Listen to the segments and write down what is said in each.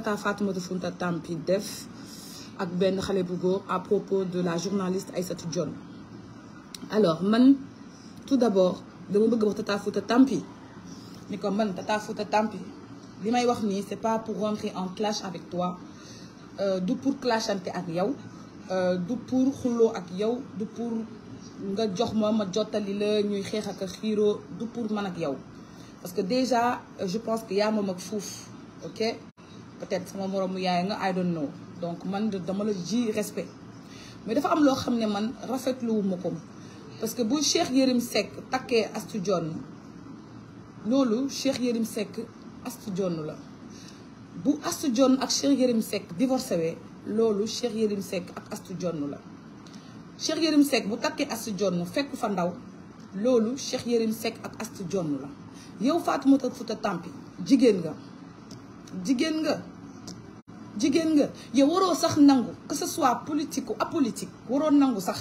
Tata Fatoumata Fouta Tampi def ak benn xale bu góor à propos de la journaliste satu Dione alors man tout d'abord dama bëgg wax Tata Fouta Tampi ni ko man Tata Fouta Tampi li may wax nii c'est pas pour rentrer en clash avec toi euh, du pour clashante ak yow euh, du pour xuloo ak yow du pour nga jox ma ma jottali la ñuy xeex ak xiiroo du pour man ak yow parce que déjà je pense que yaa moom ak fuuf ok peut-être sama mu yaay nga I don't donc man dama la ji respect mais dafa am loo xam ne man rafetluwu ma ko parce que bu Cheikh Yérim Seck takkee Astou Dione loolu Cheikh Yérim Seck Astou Dione la bu Astou Dione ak Cheikh Yérim Seck divorcé wee loolu Cheikh Yérim Seck ak Astou Dione la Cheikh Yérim Seck bu takkee Astou Dione fekk fa ndaw loolu Cheikh Yérim Seck ak Astou Dione la yow Fatoumata Fouta Tampi jigéen nga jigéen nga jigéen nga yow waroo sax nangu que ce soit politique ou apolitique waroo nangu sax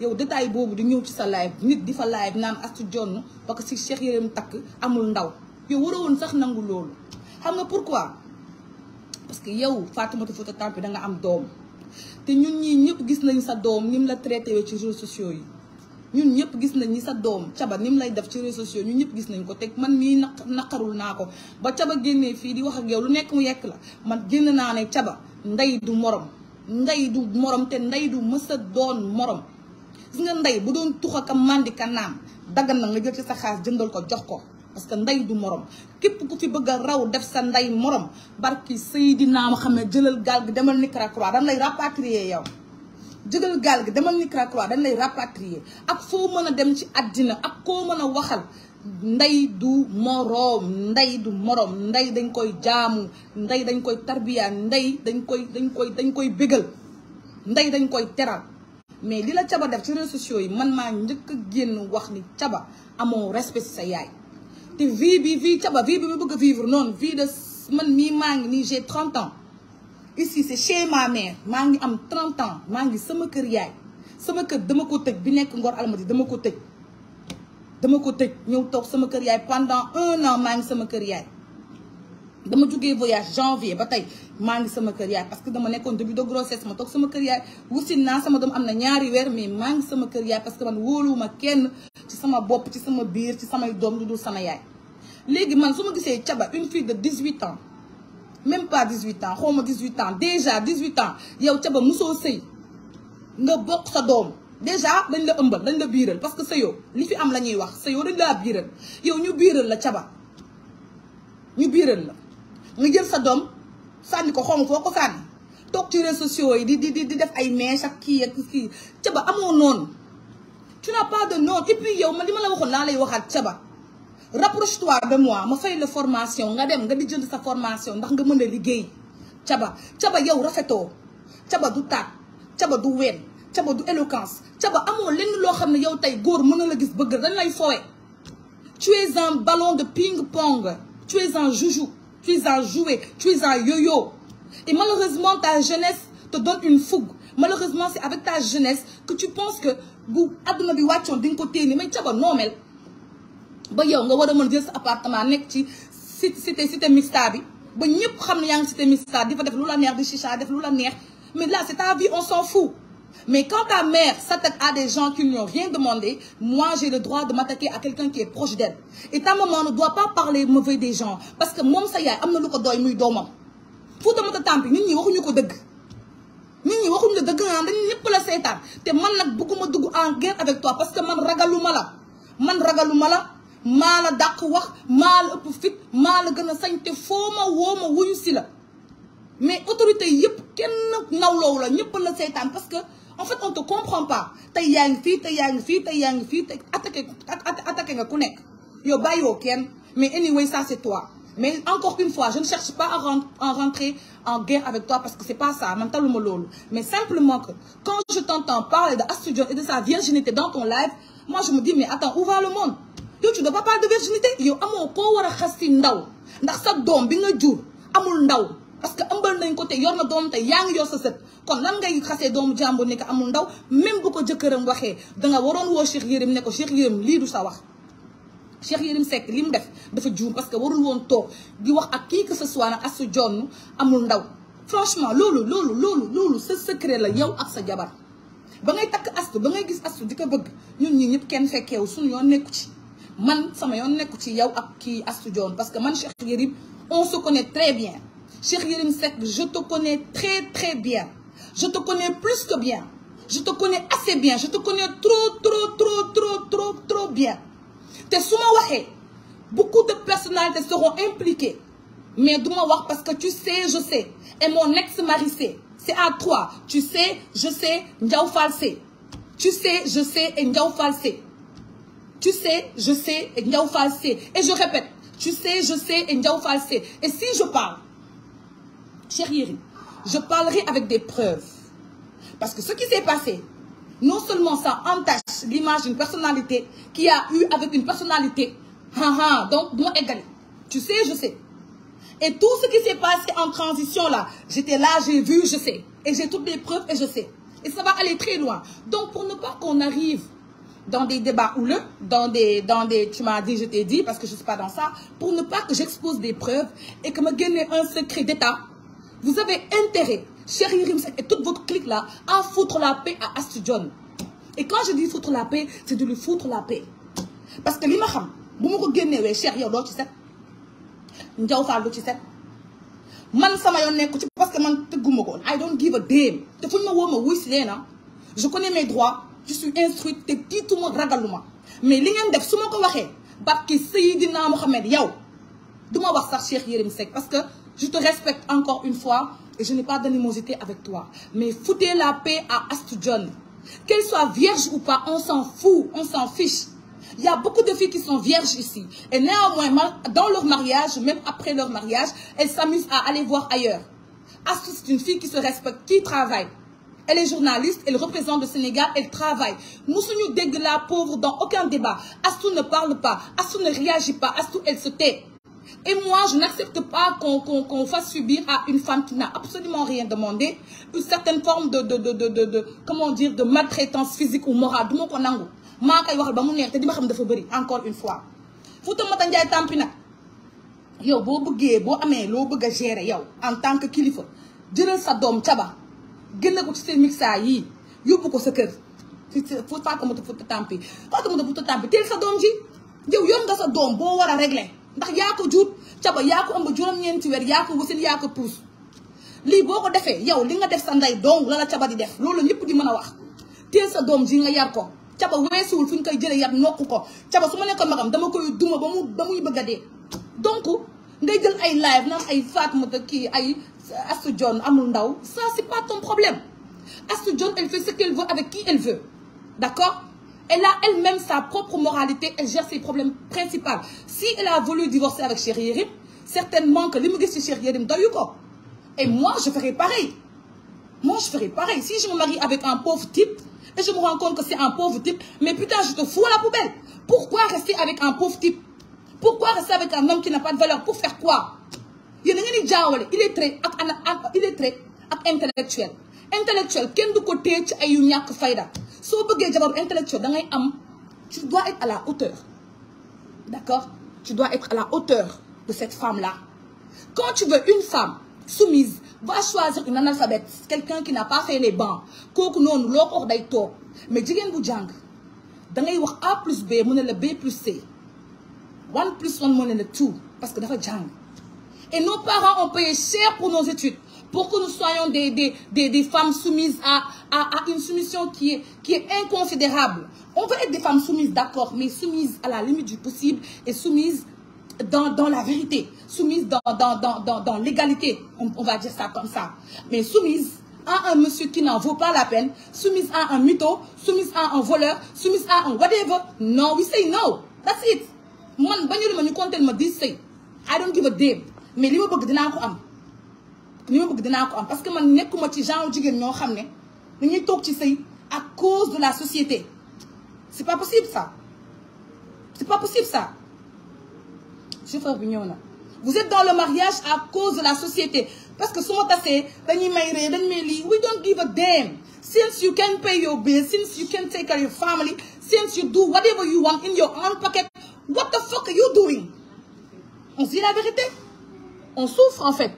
yow détail boobu di ñëw ci sa live nit di fa live naan astu jonn parce que si Cheikh Yérim takk amul ndaw yow waroo woon sax nangu loolu xam nga pour quoi parce que yow Fatoumata Fouta Tampi da nga am doom te ñun ñii ñëpp gis nañ sa doom ni mu la traité ci réseaux sociaux yi ñun ñëpp gis nañ ni sa doom caba ni mu lay def ci réseaux sociaux ñun ñëpp gis nañ ko teg man mii naq naqarul naa ko ba caba génnee fii di wax ak yow lu nekk mu yekk la man génn naa ne caba ndey du morom ndey du morom te ndey du mës a doon morom gis nga ndey bu doon tux ak màndi ka naam daggan na nga jël ci sa xaas jëndal ko jox ko parce que ndey du morom képp ku fi bëgg a raw def sa ndey morom barki xam ne jëlal gaal gi demal Nicaragua dañ lay rapatrier yow jëgal gaal gi demal ni Croix-Rouge dañ lay rapatrier ak foo mën a dem ci àddina ak koo mën a waxal nday du moroom ndey du moroom ndey dañ koy jaamu ndey dañ koy tarbiya ndey dañ koy dañ koy dañ koy bégal ndey dañ koy teral mais li la caba def ci réseaux sociaux yi man maa njëkk a génn wax ni caba amoo respect ci sa yaay te vie bi vie caba vie bi ma bëgg a vivre noonu vie de man mii maa ngi nii j'ai 30 ans ici c'est chez mais maa ngi am 30 ans maa ngi sama kër yaay sama kër dama ko tëj bi nekk Ngor Almadi dama ko tëj dama ko tëj ñëw toog sama kër yaay pendant un an maa ngi sama kër yaay dama jógee voyage janvier ba tey maa ngi sama kër yaay parce que dama nekkoon début de grossesse ma toog sama kër yaay wusin naa sama doom am na ñaari weer mais maa ngi sama kër yaay parce que man wóoluwuma kenn ci sama bopp ci sama biir ci samay doom lu dul sama yaay léegi man su ma gisee caba une fille de 18 ans même pas 18 ans xaw ma 18 ans déjà 18 ans yow ca ba musoo sëy nga bokk sa doom déjà dañ la ëmbal dañ la biiral parce que sëyoo li fi am la ñuy wax sëyoo dañ laa biiral yow ñu biiral la ca ñu biiral la nga jël sa doom sànni ko xaw ma foo ko sànni toog ci réseaux sociaux yi di di di def ay mèche ak kii ak kii ca ba amoo noonu tu n'as pas de noonu et puis yow ma li ma la waxoon laa lay waxaat ca ba rapproche-toi de moi ma fay la formation nga dem nga di jënd sa formation ndax nga mën a liggéey caba caba yow rafetoo caba du taat caba du ween caba du éloquence caba amoon lenn loo xam ne yow tey góor mën a la gis bëgg dañ lay fowe tu es un ballon de ping-pong tu es un joujou tu es un jouet tu es un yo-yo et malheureusement ta jeunesse te donne une fougue malheureusement c'est avec ta jeunesse que tu penses que bu àdduna bi wàccoon di nga ko téye ni mais caba noomel ba yow nga war a mën jël sa appartement nekk ci cité cité mixta bi ba ñëpp xam ne yaa ngi cité mixta di fa def lu la neex di chicha def lu la neex mais là c'est ta vie on s'en fout mais quand ta mère s'attaque à des gens qui lui ont rien demandé moi j'ai le droit de m'attaquer à ta maman ne doit pas parler parce que moom sa am na lu ko doy muy doomam fuuta mata tampi nit ñi waxuñu ko dëgg nit ñi waxuñu la dëgg ah dañ ñëpp la seetaan te man nag bëgguma dugg en guerre avec toi parce que man ragaluma la man ragaluma la maa la dàq wax maa la ëpp fit maa la gën a sañ te foo ma woo ma wuyu si la mais autorité yëpp kenn nawloowu la ñëpp la seytaan parce que en fait on te comprend pas tey yaa ngi fii tey yaa ngi fii tey yaa ngi fii tey attaqué attaqué nga ku nekk yow bàyyiwoo kenn mais anyway ça c'est toi mais encore une fois je ne cherche pas à rentrer en rentrer en guerre avec toi parce que c'est pas ça man taluma loolu mais simplement que quand je t'entends parler de Astou Dione et sa virginité dans ton yow tu n'as pas de virginité yow amoo koo war a xas si ndaw ndax sa doom bi nga jur amul ndaw parce que ëmbal nañ ko te yor na doom te yaa ngi yor sa sët kon lan ngay xasee doomu jàmbur ne ko amul ndaw même bu ko jëkkëram waxee danga waroon woo Cheikh Yérim ne ko Cheikh Yérim lii du sa wax Cheikh Yérim Seck def dafa juum parce que warul woon toog di wax ak kii que ce soit nag asu jonn amul ndaw franchement loolu loolu loolu loolu sa secret la yow ak sa jabar ba ngay takk astu ba ngay gis astu di ko bëgg ñun ñi ñëpp kenn fekkeewu suñu yoon nekku ci man sama yoon nekku ci yow ak kii Astou Dione parce que man Cheikh Yérim on se connaît très bien Cheikh Yérim Seck je te connais très très bien je te connais plus que bien je te connais assez bien je te connais trop trop trop trop trop trop bien te su ma waxee beaucoup de personnalités seront impliquées mais du ma wax parce que tu sais je sais et mon ex-mari c'est à toi tu sais je sais Ndiaw Fall sait tu sais je sais et Ndiaw Fall Tu sais, je sais, et Ndiaw Fall sait. Et je répète, tu sais, je sais, et Et si je parle, cher Yérim, je parlerai avec des preuves. Parce que ce qui s'est passé, non seulement ça entache l'image d'une personnalité qui a eu avec une personnalité, haha, donc non égalée. Tu sais, je sais. Et tout ce qui s'est passé en transition là, j'étais là, j'ai vu, je sais. Et j'ai toutes les preuves et je sais. Et ça va aller très loin. Donc pour ne pas qu'on arrive dans des débats houleux, dans des, dans des, tu m'as dit, je t'ai dit, parce que je suis pas dans ça, pour ne pas que j'expose des preuves et que me gagne un secret d'État. Vous avez intérêt, chérie Rimsek et toute votre clique là, à foutre la paix à Astudion. Et quand je dis foutre la paix, c'est de lui foutre la paix. Parce que l'imam, vous me gagnez, chérie, alors tu sais. Ndiaw Fall tu man sama yoon nekku ci parce que man te ko woon I don't give a damn te fu ma woo si na ah. je connais mes droits je suis instruite te tiituma ragaluma mais li ngeen def su ma ko waxee barki Seydina Mohamed yow du ma wax sax Cheikh Yérim Seck parce que je te respecte encore une fois et je n'ai pas d'animosité avec toi mais foutez la paix à Astou Dione qu'elle soit vierge ou pas on s'en fout on s'en fiche il y a beaucoup de filles qui sont vierges ici et néanmoins dans leur mariage même après leur mariage elles s'amusent à aller voir ailleurs Astou qui se Elle est journaliste, elle représente le Sénégal, elle travaille. Moussouniou Deg la pauvre dans aucun débat. Astou ne parle pas, Astou ne réagit pas, Astou elle se tait. Et moi, je n'accepte pas qu'on fasse subir à une femme qui n'a absolument rien demandé une certaine forme de, de, de, de comment dire, de maltraitance physique ou morale. Du ko nangu. maa koy waxal ba mu neex te di ma xam dafa bëri encore une fois Fouta Mata Ndiaye tàmpi nag yow boo bëggee boo amee loo bëgg a gérer yow en tant que kilifa jëlal sa doom caba génne ko ci seen mixaay yii yóbbu ko sa kër ci sa fu faakamata fu tampi faakamata fu tampi teel sa doom ji yow yoon nga sa doom boo war a régler ndax yaa ko juut caba yaa ko ëmb juróom-ñeenti weer yaa ko wasin yaa ko puus lii boo ko defee yow li nga def sa ndey dong la la caba di def loolu ñëpp di mën a wax teel sa doom ji nga yar ko caba weesuwul fu ñu koy jëlee yar nokk ko caba su ma nekkoon magam dama koy duma ba mu ba muy bëgg a dee donc ngay jël ay live naan ay Fatoumata kii ay Astou Dione amul ndaw ça c'est pas ton problème Astou Dione elle fait ce qu'elle veut avec qui elle veut d'accord elle a elle-même sa propre moralité elle problèmes principaux si elle a voulu divorcer avec Cheikh Yérim certainement que li mu gis et moi je ferai pareil si je me marie avec un pauvre type et je me rends compte que c'est un pauvre type mais putain je te fous à la poubelle pourquoi rester avec un pauvre type pourquoi rester avec un homme qui n'a pas de valeur yéen nga ngeen di jaawale illettré ak ana ak illettré ak intellectuel intellectuel kenn du ko téye ci ay yu ñàkk fayda soo bëggee jabaru intellectuel da ngay am tu dois être à la hauteur d'accord tu dois être à la hauteur de cette femme là quand tu veux une femme soumise va choisir une analphabète quelqu'un qui n'a pas fait les bancs kooku noonu loo ko day toog mais jigéen bu jàng da ngay wax A plus B mu ne la B plus C one plus one mu ne la two parce que dafa jàng Et nos parents ont payé cher pour nos études, pour que nous soyons des, des, des, femmes soumises à, à, à, une soumission qui est, qui est inconsidérable. On veut être des femmes soumises, d'accord, mais soumises à la limite du possible et soumises dans, dans la vérité, soumises dans, dans, dans, dans, l'égalité, on, va dire ça comme ça. Mais soumises à un monsieur qui n'en vaut pas la peine, soumise à un mytho, soumise à un voleur, soumise à un whatever. No, we say no. That's it. Moi, je ne compte pas, je I don't mais li ma bëgg dinaa ko am li ma bëgg dinaa ko am parce que man nekkuma ci genre jigéen ñoo xam ne dañuy toog ci sëy à cause de la société c'est pas possible ça c'est pas possible ça chauffeur bi ñëw na vous êtes dans le mariage à cause de la société parce que su ma tasee dañuy may ree dañu may lii we don't give a damn since you can pay your bills since you can take care of your family since you do whatever you want in your own pocket what the fuck are you doing on se dit la vérité On souffre en fait.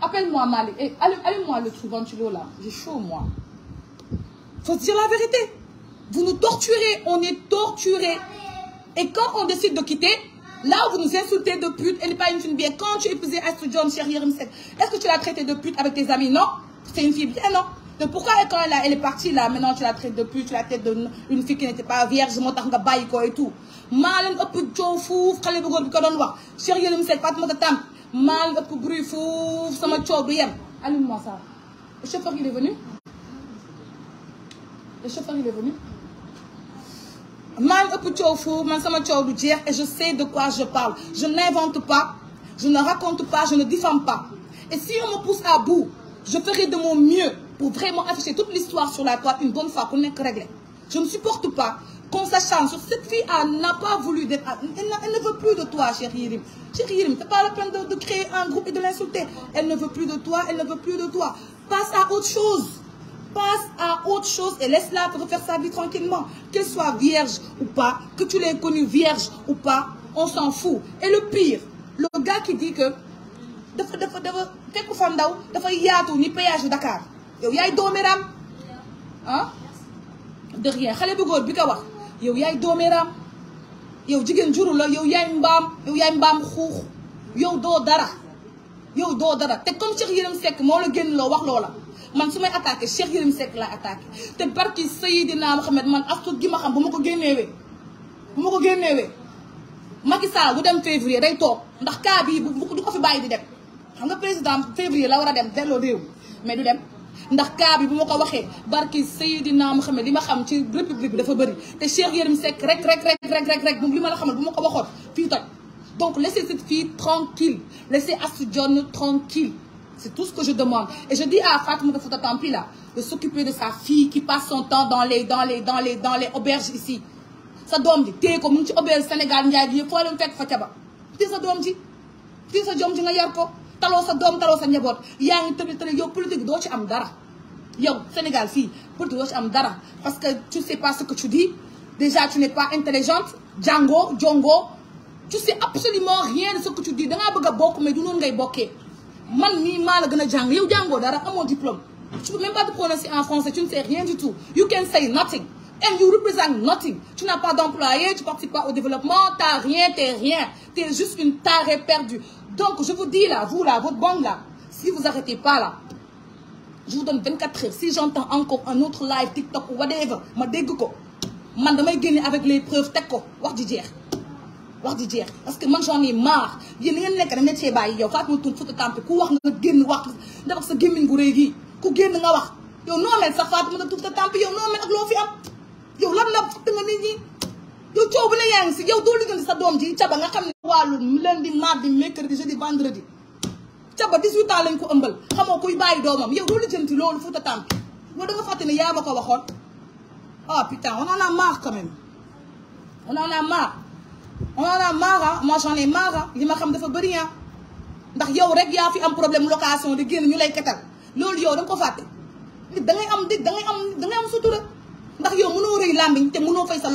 Appelle-moi Malik. Et eh, allume-moi le truc ventilo là. J'ai chaud moi. Faut dire la vérité. Vous nous torturez. On est torturés. Et quand on décide de quitter, là où vous nous insultez de pute, elle n'est pas une fille bien. Quand tu épousais Astro John, chérie Rimset, est-ce que tu l'as traité de pute avec tes amis Non. C'est une fille bien, non te pourquoi quand elle, elle est partie là maintenant tu la traites de plus tu la traites de une fille qui n'était pas vierge moo tax nga bàyyi ko et tout maa leen ëpp coow fuuf xale bu góor bi ko doon wax Cheikh Yérim Seck Fatoumata Tam maa leen ëpp bruit fuuf sama coow du yem allume-moi ça le chauffeur il est venu le chauffeur il est venu maa ngi ëpp coow foofu man sama coow du jeex et je sais de quoi je parle je n'invente pas je ne raconte pas je ne diffame pas et si on me pousse à bout je ferai de mon mieux pour vraiment afficher toute l'histoire sur la toile une bonne fois qu'on est Je ne supporte pas qu'on s'acharne sur cette fille elle n'a pas voulu d'être elle, ne veut plus de toi chérie Yirim chérie Yirim c'est pas la peine de, créer un groupe et de l'insulter elle ne veut plus de toi passe à autre chose passe à autre chose et laisse-la refaire sa vie tranquillement qu'elle soit vierge ou pas que tu l'aies connue vierge ou pas on s'en fout et le fa ndaw dafa yaatu yow yaay dooméeraam ah de rien xale bu góor bi ko wax yow yaay dooméeraam yow jigéen juru la yow yaay mbaam yow yaay mbaam xuux yow doo dara yow doo dara te comme Cheikh Yérim sekk moo la génn loo wax loola man su may attaqué Cheikh Yérim Seck laa attaqué te barki Seydina Mohamed man astu gi ma xam bu ma ko génneewee bu ma ko génneewee Macky Sall bu dem février day toog ndax cas bii bu du ko fi bàyyi di dem xam nga président février la war a dem delloo réew mais ndax cas bi bu ma ko waxee barki Seydina Mouhamed li ma xam ci république bi dafa bëri te Cheikh Yérim Seck rek rek rek rek rek rek moom li ma la xamal bu ma ko fii toj donc laissez cette fille tranquille laissez Astou Dione c'est tout ce que je demande et je dis à Fatoumata Fouta Tampi là de s'occuper de sa fille qui passe son temps dans les dans les dans les dans les auberges ici sa doom ji téye ko mu ngi ci auberge Sénégal Ndiaye bi yëpp foo leen fekk fa caba téye sa doom ji téye sa taloo sa doom taloo sa njaboot yaa ngi tëdd tëdd yow politique doo ci am dara yow Sénégal fii politique doo ci am dara parce que tu sais pas ce que tu dis déjà tu n'es pas intelligente jàngoo jongoo tu sais absolument rien de ce que tu dis dangaa bokk mais du noonu ngay bokkee man nii maa la gën a jàng yow jàngoo dara amoo diplôme tu peux même pas te prononcer en français tu ne sais rien du tout you can say nothing And you represent nothing. Tu n'as pas d'employé, tu ne participes pas au développement, tu n'as rien, tu n'es rien. Tu juste une tarée perdue. Donc, je vous dis là, vous là, votre bande là, si vous arrêtez pas là, je vous donne 24 heures. Si j'entends encore un autre live, TikTok ou whatever, ma dégg ko man damay génne avec les preuves teg ko wax ji jeex wax ji jeex parce que man j'en ai marre yéen ngeen nekk da ngeen cee bàyyi yow Fatou Tune ku wax nga génn wax ndax sa gémmiñ gu rëy gii ku génn nga wax yow noo mel sax Fatou Tune Fouta Tampi loo fi am. yow lan la fëtt nga nit ñi yow coow bu si yow doo liggéey sa doom ji caba nga xam ne wàllu lundi mardi mercredi jeudi vendredi caba 18 ans lañ ko ëmbal xamoo kuy bàyyi doomam yow doo lijjanti loolu fuuta tàmp yow da nga fàtte ne yaa ma ko waxoon ah putain on en a marre quand même on en a marre on en a marre ah. moi ah. ma xam dafa bëri ah ndax yow rek yaa fi am problème location di génn ñu lay ketal loolu yow da nga ko fàtte nit da am nit da ngay am ndax yow mënoo rëy làmmiñ te mënoo fay sa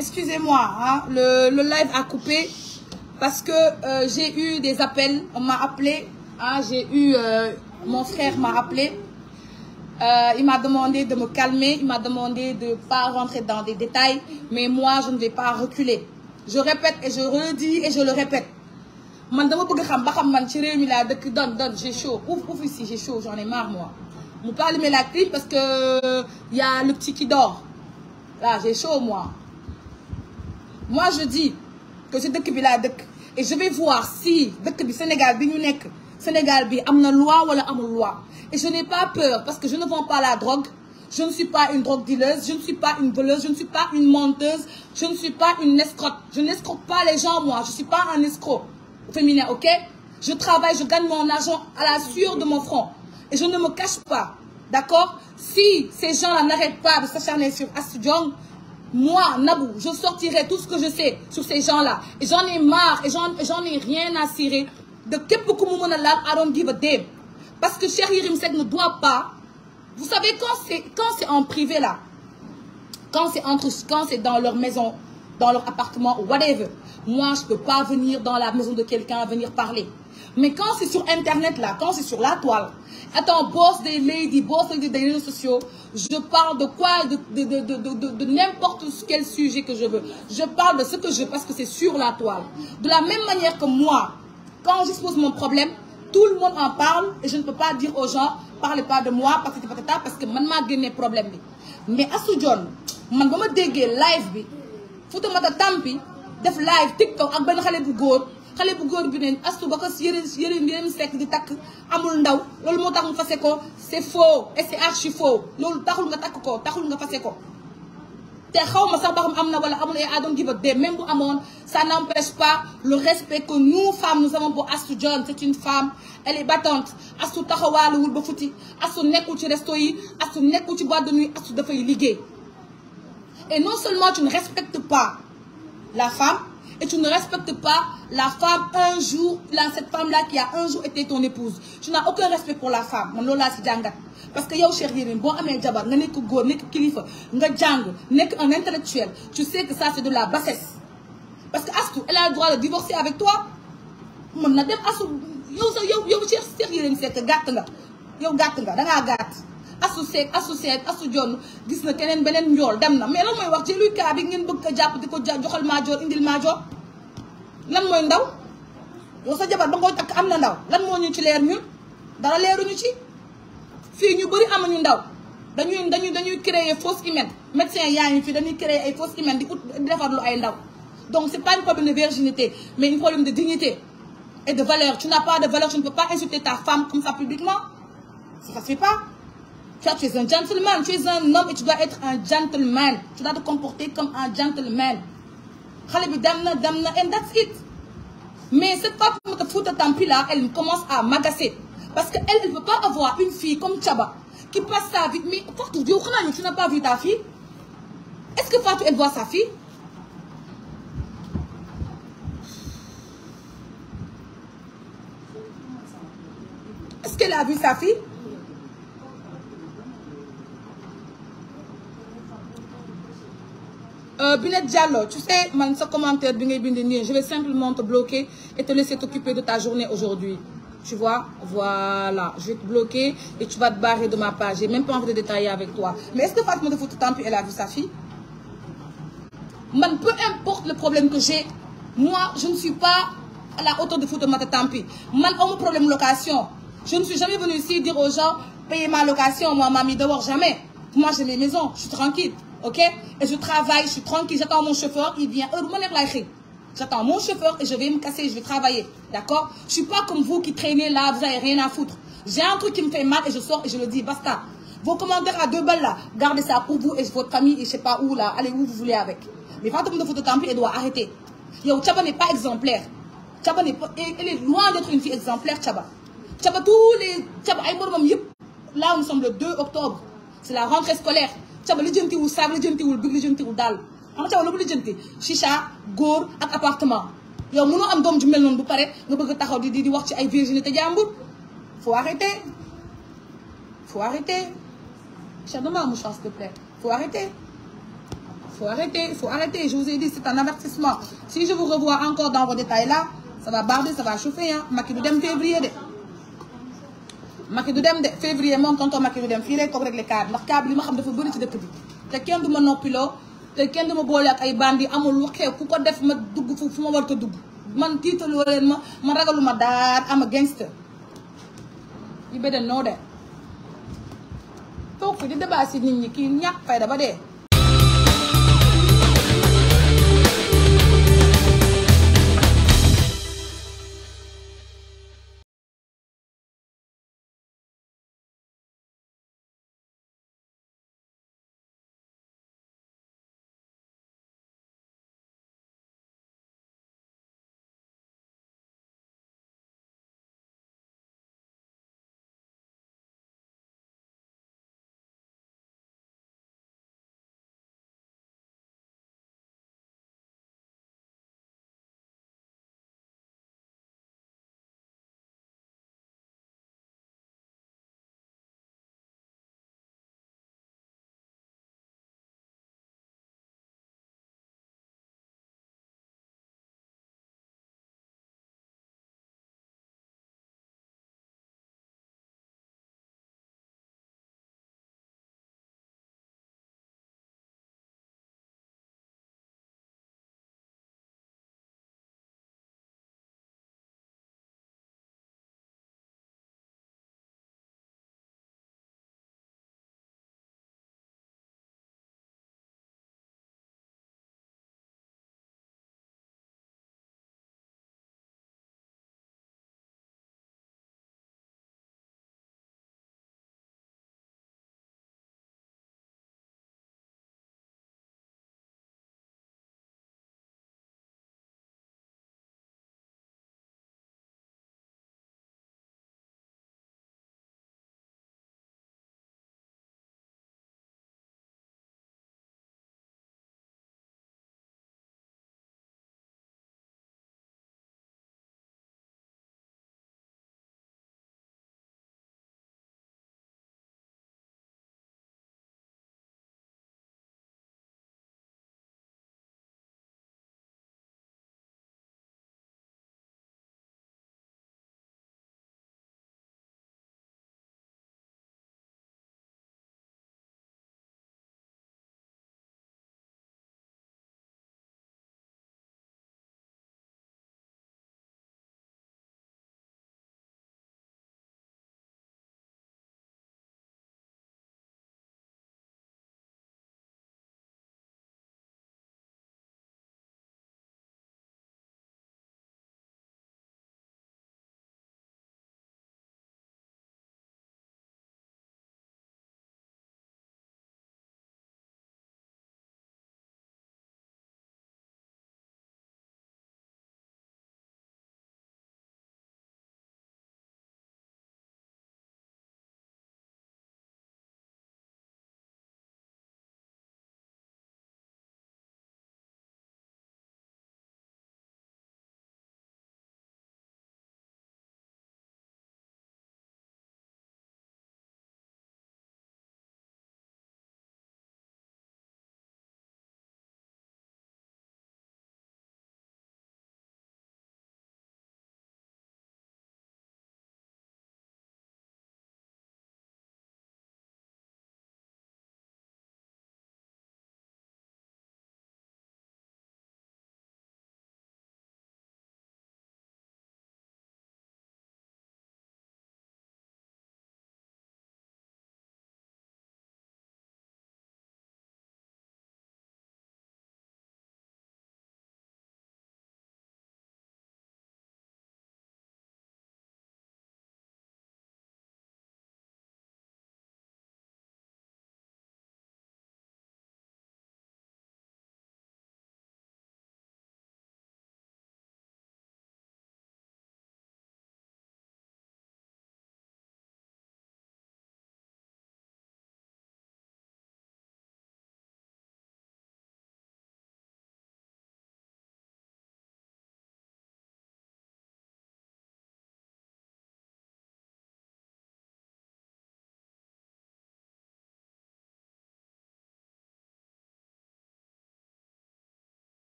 excusez-moi le le live a coupé parce que euh, j'ai eu des appels on m'a appelé j'ai eu euh, mon frère m'a appelé euh, il m'a demandé de me calmer il m'a demandé de pas rentrer dans des détails mais moi je ne vais pas reculer je répète et je le répète man dama bëgg xam ba xam man ci réew mi laa dëkk donne donne j'ai chaud ouf ouf ici j'ai chaud j'en ai marre moi mu pas allumer la clim parce que euh, y a le petit qui dort là j'ai chaud moi moi je dis que ci dëkk bi laa dëkk et je vais voir si dëkk bi Sénégal bi ñu nekk Sénégal bi am na loi wala amul loi et je n'ai pas peur parce que je ne vends pas la drogue je ne suis pas une drogue dealeuse je ne suis pas une voleuse je ne suis pas une menteuse je ne suis pas une escroque je n'escroque pas les gens moi je suis pas un escroc féminin, ok Je travaille, je gagne mon argent à la sueur de mon front. Et je ne me cache pas, d'accord Si ces gens-là n'arrêtent pas de s'acharner sur Astudiong, moi, Nabou, je sortirai tout ce que je sais sur ces gens-là. Et j'en ai marre, et j'en ai rien à cirer. De I don't give a damn. Parce que Cher Rimsek ne doit pas. Vous savez, quand c'est en privé là, quand c'est entre, quand c'est dans leur maison dans leur appartement whatever. Moi, je peux pas venir dans la maison de quelqu'un, parler. Mais quand c'est sur Internet, là, quand c'est sur la toile, attends, boss des ladies, boss des réseaux sociaux, je parle de quoi, de, n'importe quel sujet que je veux. Je parle de ce que je veux parce que c'est sur la toile. De la même manière que moi, quand j'expose mon problème, tout le monde en parle et je ne peux pas dire aux gens, parlez pas de moi, parce que, parce que problème futamata tampi def live tiktok ak benn xale bu góor xale bu góor bi neen astu ba ko yëreen yëreen yëreen sekk di takk amul ndaw loolu moo tax mu fase ko c'est faux et c'est archi faux loolu taxul nga takk ko taxul nga fase ko te xaw ma sax ba xam am na wala amul ay aadam gi ba dee même bu amoon ça n'empêche pas le respect que nous femmes nous avons pour Astou Dione c'est une femme elle est battante Astou taxawaaluwul ba futi Astou nekkul ci resto yi Astou nekkul ci boîte de nuit Astou dafay liggéey Et non seulement tu ne respectes pas la femme, et tu ne respectes pas la femme un jour, là, cette femme-là qui a un jour été ton épouse. Tu n'as aucun respect pour la femme. Mon lola si jangat. Parce que yow cher Yérim, bon amé jabar, nga nek gor, nek kilifa, nga djang, nek un intellectuel. Tu sais que ça c'est de la bassesse. Parce que Astou, elle a le droit de divorcer avec toi. Mon na dem Astou, yow yow yow cher Yérim, c'est que gatt nga. Yow gatt nga, da nga gatt. asu seeg asu seeg asu jonn gis na keneen beneen njool dem na mais lan mooy wax ci luy kaa bi ngeen bëgg ko jàpp di ko joxal maajoor indil maajoor lan mooy ndaw yow sa jabar ba nga takk am na ndaw lan moo ñu ci leer ñun dara leeruñu ci fii ñu bëri amuñu ndaw dañuy dañuy dañuy créer fausse hymen médecin yaa ngi fi dañuy créer ay fausse hymen di ut di defar lu ay ndaw donc c'est pas un problème de virginité mais un problème de dignité et de valeur tu n'as pas de valeur tu ne peux pas insulter ta femme comme ça publiquement ça se fait pas Toi, tu es un gentleman, tu es un homme et tu dois être un gentleman. Tu dois te comporter comme un gentleman. and that's it. Mais cette femme de foot tampi là, elle commence à m'agacer. Parce qu'elle, elle ne veut pas avoir une fille comme Chaba qui passe sa vie. Mais Fatou, tu n'as pas vu ta fille Est-ce que Fatou, elle voit sa fille Est-ce qu'elle a vu sa fille Euh, Binette Diallo tu sais man sa commentaire bi ngay bind nii je vais simplement te bloquer et te laisser t'occuper de ta journée aujourd'hui tu vois voilà je vais te bloquer et tu vas te barrer de ma page j'ai même pas envie de détailler avec toi mais est-ce que Fatma sa fille man peu importe le problème que j'ai je ne suis pas la hauteur de Fouta Mata Tampi man amu problème location je ne suis jamais venue ici dire aux gens payez ma location moi ok et je travaille je suis tranquille j'attends mon chauffeur il vient heure bu ma nekk laay xëy j'attends mon chauffeur et je vais me casser je vais travailler d'accord je suis pas comme vous qui traînez là vous avez rien à foutre j'ai un truc qui me fait mal et je sors et je le dis basta vos commentaires à deux balles là gardez ça pour vous et votre famille et je sais pas où là allez où vous voulez avec mais Fatoumata Diop Fouta Tampi elle doit arrêter yow Thiaba n'est pas exemplaire Thiaba n'est pas elle est loin d'être une fille exemplaire Thiaba Thiaba tous les Thiaba ay moromam yëpp là nous sommes le 2 octobre c'est la rentrée scolaire caba li jëntiwul saab li jëntiwul big li jëntiwul daal xam nga caba lu mu li chicha góor ak appartement yow mënoo am doom ju mel noonu bu pare nga bëgg taxaw di di wax ci ay virginité jàmbur faut arrêter faut arrêter cher dama am chance s'il te plaît faut arrêter faut arrêter faut arrêter je vous ai dit c'est un avertissement si je vous revois encore dans vos détails là ça va barder ça va chauffer hein Macky du dem février de Macky du dem de février moom tonton Macky du dem fii lay toog rek le cadre ndax cadre li ma xam dafa bëri ci dëkk bi te kenn du noppiloo te kenn du ma boole ak ay bandi amul lu xew ku ko def ma dugg fu fu ma war a dugg man tiitaloo leen ma man ragalu ma daar am a gangster yu beddeen noo de toog fi di débat si nit ñi kii ñàkk fayda ba dee